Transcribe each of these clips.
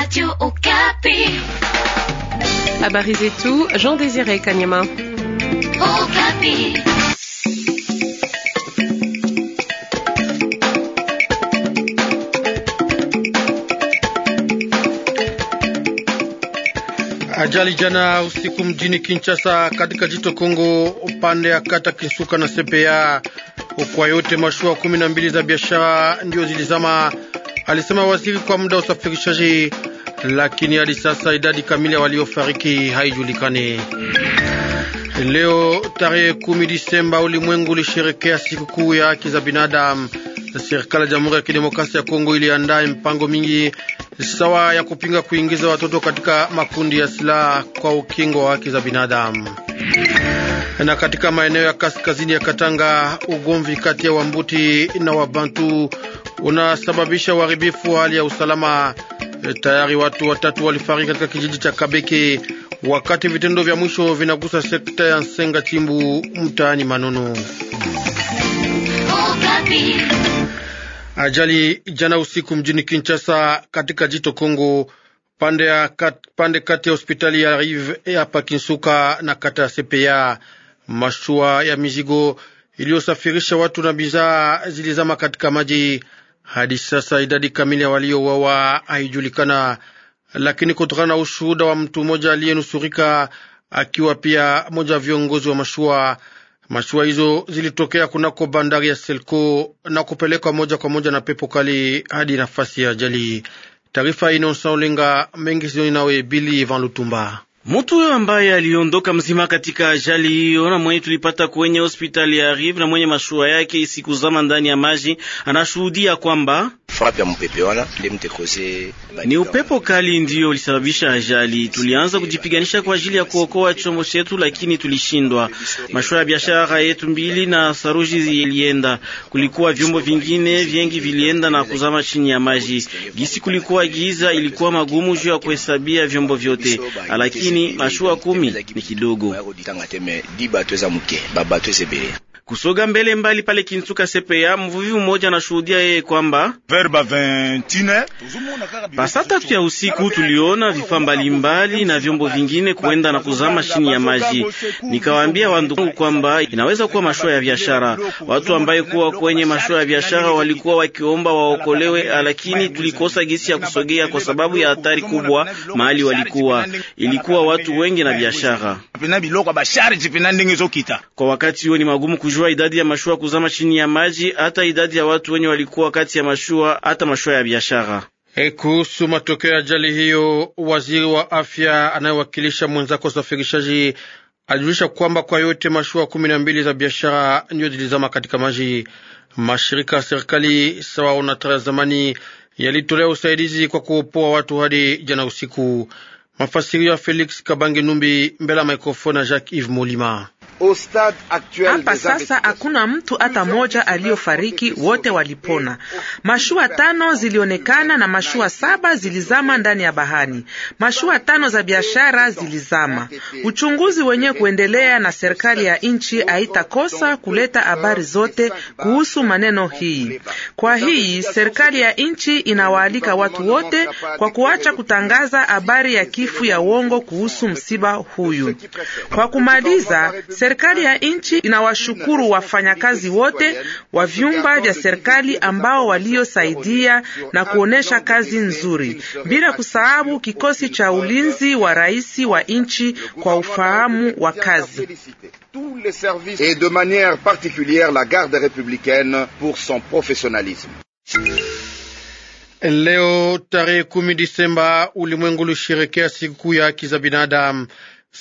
Radio Okapi. Habari zetu, Jean Désiré Kanyama. Okapi. Ajali jana usiku mjini Kinshasa katika jito Kongo upande ya kata Kinsuka na Sepeya. Kwa yote mashua kumi na mbili za biashara ndio zilizama alisema waziri kwa muda usafirishaji, lakini hadi sasa idadi kamili ya waliofariki haijulikani. Leo tarehe 10 Disemba, ulimwengu ulisherekea sikukuu ya haki za binadamu. Serikali ya Jamhuri ya Kidemokrasia ya Kongo iliandaa mpango mingi sawa ya kupinga kuingiza watoto katika makundi ya silaha kwa ukingo wa haki za binadamu. Na katika maeneo ya kaskazini ya Katanga, ugomvi kati ya Wambuti na Wabantu unasababisha uharibifu wa hali ya usalama. E, tayari watu watatu walifariki katika kijiji cha Kabeke, wakati vitendo vya mwisho vinagusa sekta ya Nsenga Chimbu mtaani Manono. Ajali jana usiku mjini Kinshasa katika jito Kongo, pande, ya kat, pande kati ya hospitali ya Rive ya pakinsuka na kata ya Sepeya. Mashua ya mizigo iliyosafirisha watu na bidhaa zilizama katika maji. Hadi sasa idadi kamili ya waliouawa haijulikana, lakini kutokana na ushuhuda wa mtu mmoja aliyenusurika akiwa pia moja viongozi wa mashua, mashua hizo zilitokea kunako bandari ya Selko na kupelekwa moja kwa moja na pepo kali hadi nafasi ya ajali. Taarifa inosa ulenga mengi sioni nawe Bili Van Lutumba. Mutu huyo ambaye aliondoka mzima katika ajali hiyo na mwenye tulipata kwenye hospitali ya Rive na mwenye mashua yake isikuzama ndani ya maji anashuhudia kwamba frappe ya mpepe wana limte Ni upepo kali ndio ulisababisha ajali. Tulianza kujipiganisha kwa ajili ya kuokoa chombo chetu, lakini tulishindwa. Mashua ya biashara yetu mbili na saruji zilienda, kulikuwa vyombo vingine vingi vilienda na kuzama chini ya maji. Gisi kulikuwa giza, ilikuwa magumu juu ya kuhesabia vyombo vyote, lakini mashua kumi ni kidogo. Kusoga mbele mbali pale Kinsuka Sepeya, mvuvi mmoja anashuhudia yeye kwamba pasatatu ya usiku tuliona vifaa mbalimbali na vyombo vingine kuenda na kuzama chini ya maji. Nikawaambia wandugu kwamba inaweza kuwa mashua ya biashara. Watu ambaye kuwa kwenye mashua ya biashara walikuwa wakiomba waokolewe, lakini tulikosa gisi ya kusogea kwa sababu ya hatari kubwa mahali walikuwa. Ilikuwa watu wengi na biashara. Kwa wakati huo ni magumu kujua kujua idadi ya mashua kuzama chini ya maji, hata idadi ya watu wenye walikuwa kati ya mashua, hata mashua ya biashara. E, kuhusu matokeo ya ajali hiyo, waziri wa afya anayewakilisha mwenzako usafirishaji alijulisha kwamba kwa yote mashua kumi na mbili za biashara ndiyo zilizama katika maji. Mashirika ya serikali sawa onatara ya zamani yalitolea usaidizi kwa kuopoa watu hadi jana usiku. Mafasirio ya Felix Kabange Numbi mbele ya mikrofoni ya Jacques Yves Molima. Hapa sasa hakuna mtu hata moja aliyofariki, wote walipona. Mashua tano zilionekana na mashua saba zilizama ndani ya bahari. Mashua tano za biashara zilizama. Uchunguzi wenyewe kuendelea, na serikali ya nchi haitakosa kuleta habari zote kuhusu maneno hii. Kwa hii serikali ya nchi inawaalika watu wote kwa kuacha kutangaza habari ya kifu ya uongo kuhusu msiba huyu. Kwa kumaliza, Serikali ya nchi inawashukuru wafanyakazi wote wa vyumba vya serikali ambao waliosaidia na kuonesha kazi nzuri, bila kusahau kikosi cha ulinzi wa rais wa nchi kwa ufahamu wa kazi et de manière particulière la garde républicaine pour son professionnalisme. Leo tarehe kumi Disemba, ulimwengu ulishirikia siku ya haki za binadamu.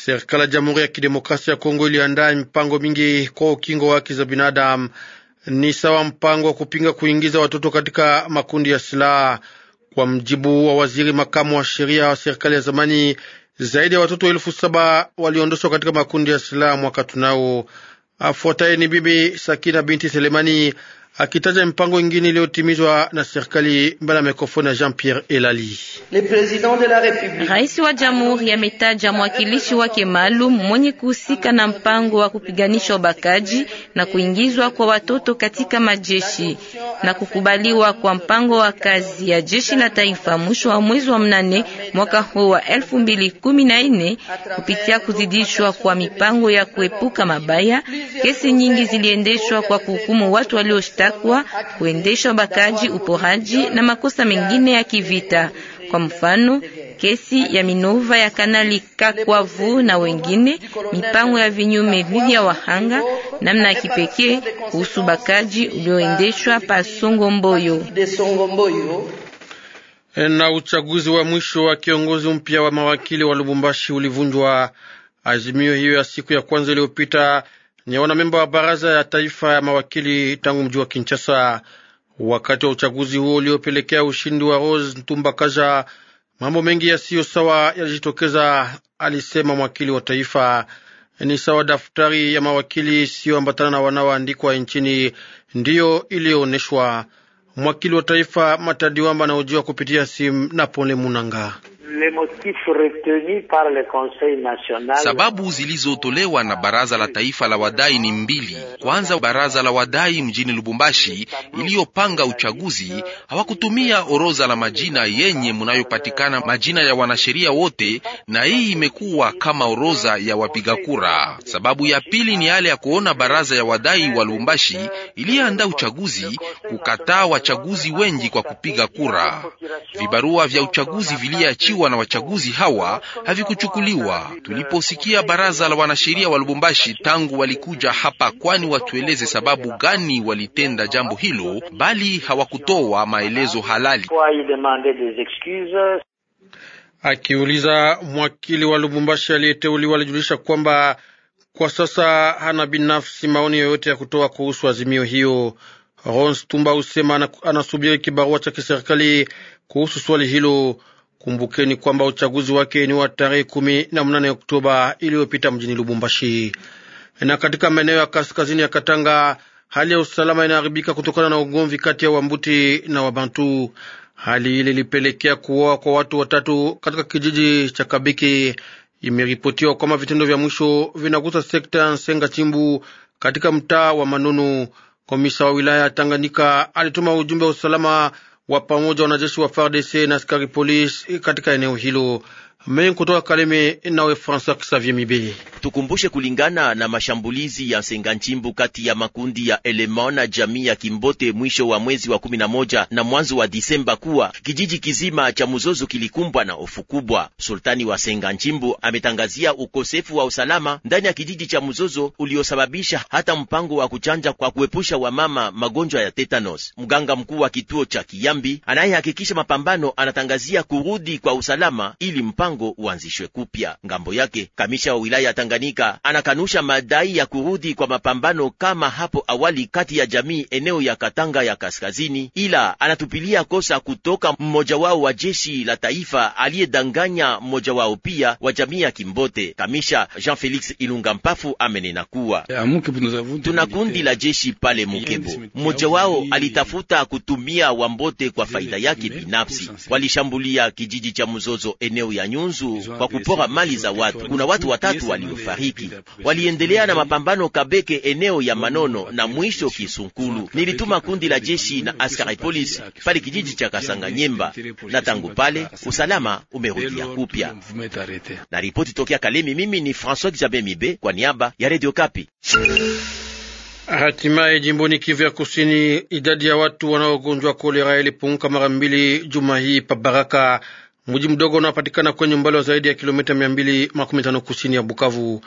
Serikali ya Jamhuri ya Kidemokrasia ya Kongo iliandaa mipango mingi kwa ukingo wa haki za binadamu, ni sawa mpango wa kupinga kuingiza watoto katika makundi ya silaha. Kwa mjibu wa waziri makamu wa sheria wa serikali ya zamani, zaidi ya watoto elfu saba waliondoshwa katika makundi ya silaha mwaka tunao. Afuataye ni Bibi Sakina binti Selemani akitaja mpango ingine iliyotimizwa na serikali mbele ya mikrofoni ya Jean-Pierre Elali. Rais wa jamhuri ametaja mwakilishi wake maalum mwenye kuhusika na mpango wa kupiganisha ubakaji na kuingizwa kwa watoto katika majeshi na kukubaliwa kwa mpango wa kazi ya jeshi la taifa mwisho wa mwezi wa mnane mwaka huu wa nne kupitia kuzidishwa kwa mipango ya kuepuka mabaya. Kesi nyingi ziliendeshwa kwa kuhukumu watu walioshtakiwa kutekwa, kuendesha ubakaji, uporaji na makosa mengine ya kivita. Kwa mfano, kesi ya Minova ya Kanali Kakwavu na wengine, mipango ya vinyume dhidi ya wahanga, namna ya kipekee kuhusu bakaji ulioendeshwa pa Songo Mboyo na uchaguzi wa mwisho wa kiongozi mpya wa mawakili wa Lubumbashi ulivunjwa. Azimio hiyo ya siku ya kwanza iliyopita ni wanamemba wa baraza ya taifa ya mawakili tangu mji wa Kinshasa wakati wa uchaguzi huo uliopelekea ushindi wa Rose Ntumba Kaja. Mambo mengi yasiyo sawa yalijitokeza, alisema mwakili wa taifa. Ni sawa daftari ya mawakili isiyoambatana na wanaoandikwa nchini ndiyo iliyoonyeshwa. Mwakili wa taifa Matadiwamba anaojiwa kupitia simu na Pole Munanga. Sababu zilizotolewa na baraza la taifa la wadai ni mbili. Kwanza, baraza la wadai mjini Lubumbashi iliyopanga uchaguzi hawakutumia orodha la majina yenye munayopatikana majina ya wanasheria wote, na hii imekuwa kama orodha ya wapiga kura. Sababu ya pili ni yale ya kuona baraza ya wadai wa Lubumbashi iliyoandaa uchaguzi kukataa wachaguzi wengi kwa kupiga kura. Vibarua vya uchaguzi viliachiwa kuchaguliwa na wachaguzi hawa havikuchukuliwa. Tuliposikia baraza la wanasheria wa Lubumbashi tangu walikuja hapa, kwani watueleze sababu gani walitenda jambo hilo, bali hawakutoa maelezo halali. Akiuliza mwakili wa Lubumbashi aliyeteuliwa alijulisha kwamba kwa sasa hana binafsi maoni yoyote ya kutoa kuhusu azimio hiyo. Rons Tumba usema anasubiri kibarua cha kiserikali kuhusu swali hilo. Kumbukeni kwamba uchaguzi wake ni wa tarehe kumi na mnane Oktoba iliyopita mjini Lubumbashi. Na katika maeneo ya kaskazini ya Katanga, hali ya usalama inaharibika kutokana na ugomvi kati ya Wambuti na Wabantu. Hali ile ilipelekea kuoa kwa watu watatu katika kijiji cha Kabiki. Imeripotiwa kwamba vitendo vya mwisho vinagusa sekta ya Nsenga Chimbu katika mtaa wa Manunu. Komisa wa wilaya ya Tanganyika alituma ujumbe wa usalama wa pamoja wanajeshi wa FARDC na askari polisi katika eneo hilo. Mengi kutoka Kalemi nawe Francois Xavier Mibeye. Tukumbushe kulingana na mashambulizi ya Senganchimbu kati ya makundi ya Elema na jamii ya Kimbote mwisho wa mwezi wa 11 na mwanzo wa Disemba kuwa kijiji kizima cha Muzozo kilikumbwa na hofu kubwa. Sultani wa Senganchimbu ametangazia ukosefu wa usalama ndani ya kijiji cha Muzozo uliosababisha hata mpango wa kuchanja kwa kuepusha wamama magonjwa ya tetanos. Mganga mkuu wa kituo cha Kiyambi anayehakikisha mapambano anatangazia kurudi kwa usalama ili mpango mpango uanzishwe kupya. Ngambo yake, kamisha wa wilaya ya Tanganyika anakanusha madai ya kurudi kwa mapambano kama hapo awali kati ya jamii eneo ya Katanga ya kaskazini, ila anatupilia kosa kutoka mmoja wao wa jeshi la taifa aliyedanganya mmoja wao pia wa jamii ya Kimbote. Kamisha Jean Felix Ilunga Mpafu amenena kuwa tuna kundi la jeshi pale Mukebo, mmoja wao alitafuta kutumia Wambote kwa faida yake binafsi. Walishambulia kijiji cha Mzozo eneo ya nyumba mafunzo kwa kupora mali za watu. Kuna watu watatu waliofariki. Waliendelea na mapambano Kabeke, eneo ya Manono na mwisho Kisunkulu. Nilituma kundi la jeshi na askari polisi pale kijiji cha Kasanganyemba, na tangu pale usalama umerudia kupya. Na ripoti tokea Kalemi, mimi ni François Xavier Mibe kwa niaba ya Radio Kapi. Hatimaye jimboni Kivu ya Kusini, idadi ya watu wanaogonjwa kolera ilipunguka mara mbili juma hii pa Baraka mji mdogo unaopatikana kwenye umbali wa zaidi ya kilomita mia mbili makumi tano kusini ya Bukavu.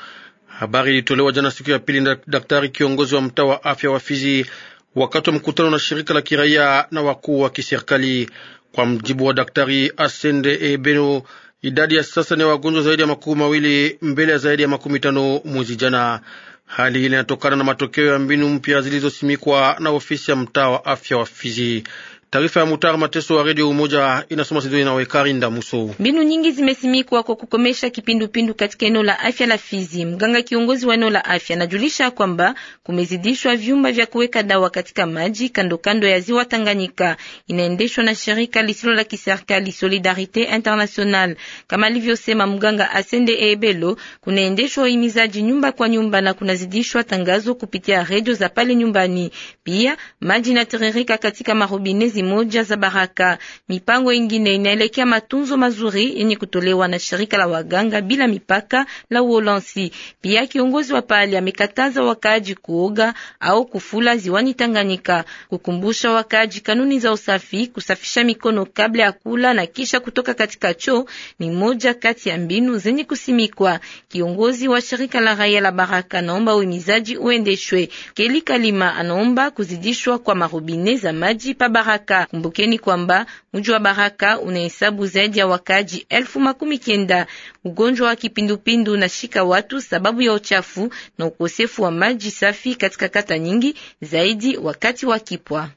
Habari ilitolewa jana siku ya pili na daktari kiongozi wa mtaa wa afya wa Fizi wakati wa mkutano na shirika la kiraia na wakuu wa kiserikali. Kwa mjibu wa daktari Asende Ebeno, idadi ya sasa ni wagonjwa zaidi ya makumi mawili mbele ya zaidi ya makumi tano mwezi jana. Hali hii inatokana na matokeo ya mbinu mpya zilizosimikwa na ofisi ya mtaa wa afya wa Fizi. Taarifa ya Mutar Mateso wa Redio Umoja inasoma Sidoni na Wekari Ndamuso. Mbinu nyingi zimesimikwa kwa kukomesha kipindupindu katika eneo la afya la Fizi. Mganga kiongozi wa eneo la afya anajulisha kwamba kumezidishwa vyumba vya kuweka dawa katika maji kando kando ya ziwa Tanganyika, inaendeshwa na shirika lisilo la kiserikali Solidarite International. Kama alivyosema mganga Asende Ebelo, kunaendeshwa uhimizaji nyumba kwa nyumba na kunazidishwa tangazo kupitia redio za pale nyumbani. Pia maji inatiririka katika marobinezi kazi moja za baraka. Mipango ingine inaelekea matunzo mazuri yenye kutolewa na shirika la waganga bila mipaka la Uholanzi. Pia kiongozi wa pali amekataza wakaaji kuoga au kufula ziwani Tanganyika, kukumbusha wakaaji kanuni za usafi, kusafisha mikono kabla ya kula na kisha kutoka katika choo ni moja kati ya mbinu zenye kusimikwa. Kiongozi wa shirika la raia la Baraka anaomba uhimizaji uendeshwe. Keli Kalima anaomba kuzidishwa kwa marubine za maji pa Baraka. Baraka. Kumbukeni kwamba mji wa Baraka unahesabu zaidi ya wakaji elfu makumi kenda. Ugonjwa wa kipindupindu unashika watu sababu ya uchafu na ukosefu wa maji safi katika kata nyingi, zaidi wakati wa kipwa.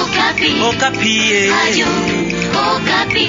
Okapi. Okapi.